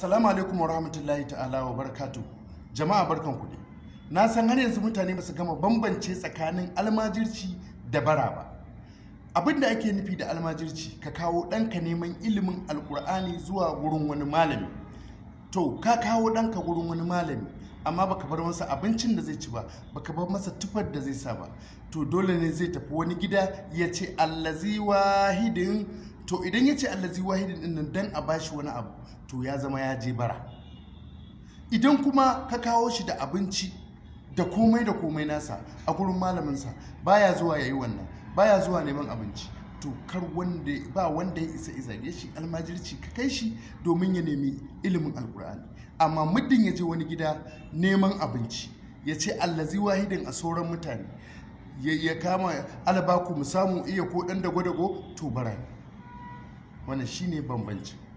Assalamu alaikum wa rahmatullahi ta'ala wa barakatu. Jama'a barkan kuɗi. Na san har yanzu mutane ba su gama bambance tsakanin almajirci da bara ba. Abin da ake nufi da almajirci ka kawo ɗanka neman ilimin alkur'ani zuwa wurin wani malami. To, ka kawo ɗanka wurin wani malami, amma baka bar masa abincin da zai ci ba, baka bar masa tufar da zai sa ba. To, dole ne zai tafi wani gida ya ce allazi wahidin to idan ya ce allazi wahidin din nan dan a bashi wani abu to ya zama ya je bara idan kuma ka kawo shi da abinci da komai da komai nasa a gurin malaminsa baya zuwa yayi wannan baya zuwa neman abinci to kar wanda ba wanda ya isa izage shi almajirci ka kai shi domin ya nemi ilimin alkur'ani amma muddin ya je wani gida neman abinci ya ce allazi wahidin a sauran mutane ya kama alabaku mu samu iya ko dan da to bara wannan ne bambanci